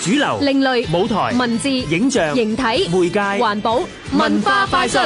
主流、另類、舞台、文字、影像、形體、媒介、環保、文化快訊。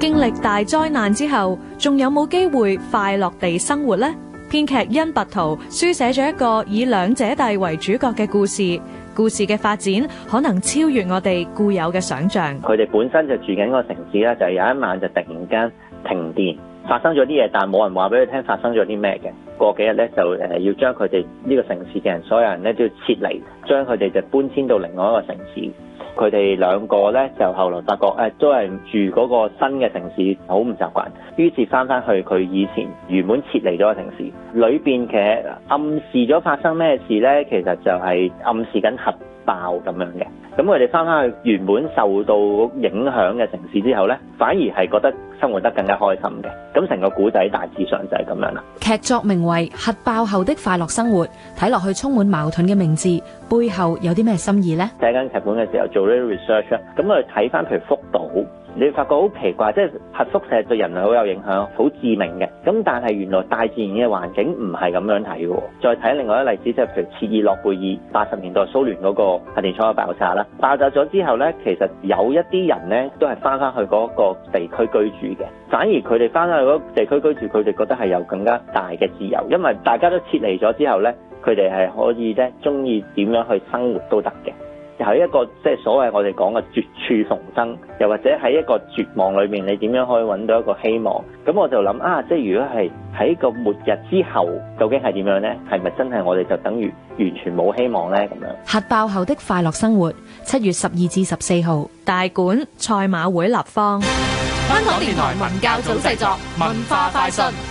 經歷大災難之後，仲有冇機會快樂地生活咧？編劇恩拔圖書寫咗一個以兩姐弟為主角嘅故事，故事嘅發展可能超越我哋固有嘅想象。佢哋本身就住緊個城市啦，就係有一晚就突然間停電。發生咗啲嘢，但係冇人話俾佢聽發生咗啲咩嘅。過幾日咧就誒要將佢哋呢個城市嘅人，所有人咧都要撤離，將佢哋就搬遷到另外一個城市。佢哋兩個咧就後來發覺誒都係住嗰個新嘅城市好唔習慣，於是翻返去佢以前原本撤離咗嘅城市。裏邊其實暗示咗發生咩事咧，其實就係暗示緊核爆咁樣嘅，咁我哋翻翻去原本受到影響嘅城市之後呢，反而係覺得生活得更加開心嘅，咁成個故仔大致上就係咁樣啦。劇作名為《核爆後的快樂生活》，睇落去充滿矛盾嘅名字，背後有啲咩心意呢？寫緊劇本嘅時候做呢啲 research，咁我哋睇翻譬如福島。你發覺好奇怪，即係核輻射對人類好有影響，好致命嘅。咁但係原來大自然嘅環境唔係咁樣睇嘅喎。再睇另外一個例子，就係譬如切爾諾貝爾八十年代蘇聯嗰個核電廠嘅爆炸啦。爆炸咗之後呢，其實有一啲人呢都係翻返去嗰個地區居住嘅。反而佢哋翻返去嗰個地區居住，佢哋覺得係有更加大嘅自由，因為大家都撤離咗之後呢，佢哋係可以呢中意點樣去生活都得嘅。喺一個即係所謂我哋講嘅絕處逢生，又或者喺一個絕望裏面，你點樣可以揾到一個希望？咁我就諗啊，即係如果係喺個末日之後，究竟係點樣呢？係咪真係我哋就等於完全冇希望呢？咁樣核爆後的快樂生活，七月十二至十四號，大館賽馬會立方，香港電台文教組製作文化快訊。